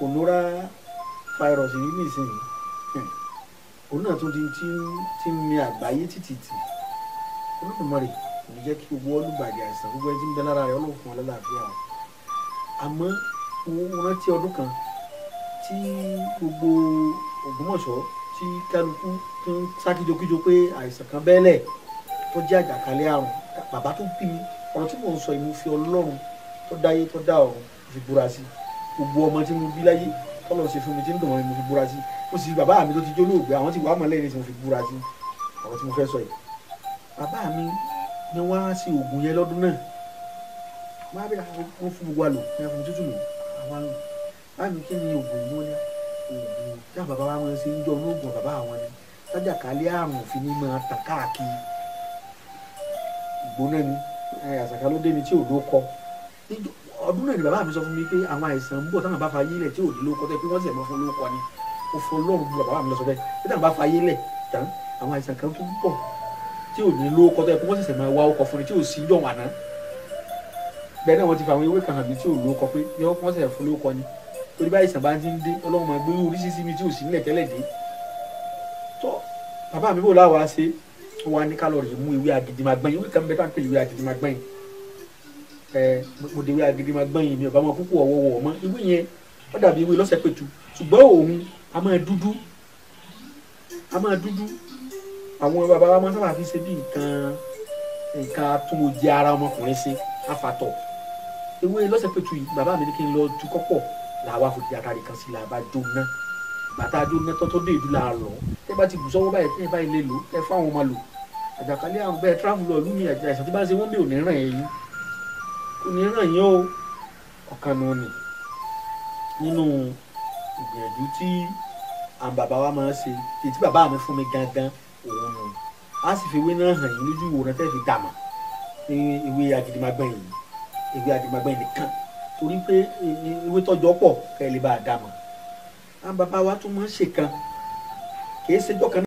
kò lóra fáírọ̀sì yìí nìsín òun náà tún ti ti ń mi àgbáyé títì tì olódùmarè kò ní jẹ́ kí gbogbo olùbàdì àìsàn gbogbo ẹni tí ń bẹ lára rẹ̀ ọlọ́run fún ọ o àmọ́ mo rántí ọdún kan tí gbogbo Ògbómọ̀ṣọ́ tí kálukú tó ń sá kíjokíjo pé àìsàn kan bẹ́ẹ̀lẹ̀ tó jẹ́ àjàkálẹ̀ àrùn bàbá tó bí mi ọ̀rọ̀ tí mò ń sọ yìí mo fi ọlọ́run tó dáyé tó dá ọ̀run fi búra sí i gbogbo ọmọ tí mo bí láyé kọ́lọ̀ ṣe fún mi tí ń dùn wọn ni mo fi búra sí mo sì bàbá mi tó ti jó lóògbé àwọn ti wà mọ́ lẹ́yìn tí mo fi búra sí ọ̀rọ̀ tí mo fẹ́ sọ yìí bàbá mi ni wọ́n á ṣe oògùn yẹn lọ́dún náà wọ́n á bẹ̀rẹ̀ wọ́n fún gbogbo àlò ní afun tútù lò àwọn àlò báyìí mi kí ni oògùn yìí wọ́n ní oògùn tá bàbá wa máa ṣe ń jọ olóògùn bàbá àwọn ni tájà kálẹ̀ àrùn òfin ni máa tàn káàkiri ìgbóná ni àṣàkálódé ni tí ò kọ ọdún náà ni bàbá mi sọ fún mi pé àwọn àìsàn ń bọ̀ táwọn bá fa yílẹ̀ tí ò ní lóko tẹ́ pé wọ́n sì mọ́ fún lóko ni ó fọ lọ́rùn bí bàbá mi lọ sọ bẹ́ẹ̀ pé táwọn bá fa yílẹ̀ tán àwọn àìsàn kan tún bọ̀ tí ò ní lóko tẹ́ pé wọ́n sì máa wá ọkọ̀ fún ni tí ò sí yọ̀ wà náà bẹ́ẹ̀ náà wọ́n ti fa àwọn ewé kan hàn tí ò lóko pé wọ́n sì fún lóko ni torí báyìí sàn bá ti ń dé ọlọ́run máa gbé oríṣiríṣi ẹ mo dèwé agidi máa gbọ́n yìí mi ò bá mọ púpọ̀ ọ̀wọ́ wọ̀ mọ́ ìwé yẹn ó dàbí ìwé lọ́sẹ̀ pẹ̀tù ṣùgbọ́n òun a máa dúdú a máa dúdú àwọn bàbá wa máa sábà fi ṣe bí nǹkan nǹkan atúnmọ̀jẹ ara ọmọkùnrin ṣe afatọ̀ ìwé lọ́sẹ̀ pẹ̀tù yìí bàbá mi ní kí n lọ ju kọ́pọ̀ làwa fòdì àtàrí kan sí la bá jó ná bàtà jó ná tọ́tọ́ dé ìlú la lọ tẹ́ bá ti bù sọ́wọ́ báyìí tẹ́ báyìí lè lò tẹ́ fún àwọn ọmọ lò àjàkálẹ̀ àwọn bẹ́ẹ̀ tíráfù lọ lù ní àjàkálẹ̀ àìsàn tí bá ń ṣe wọ́n mi ò ràn yín kò ní ràn yín o ọ̀kan nù ni nínú ìgbìyànjú tí àwọn bàbá wa máa ń ṣe ètí bàbá mi fún mi gangan òun nù á sì fi ewé náà hàn yín lójú ìwòran tẹ́ fi dàmà ní ewé agídímagbọ̀n yìí ewé agídímagbọ̀n yìí nìkan torí pé ewé tọ́jọ́ pọ̀ kẹ́ ẹ lè bá a dàmà àwọn bàbá wa tún máa ń ṣèkan kì í ṣe jọ́kan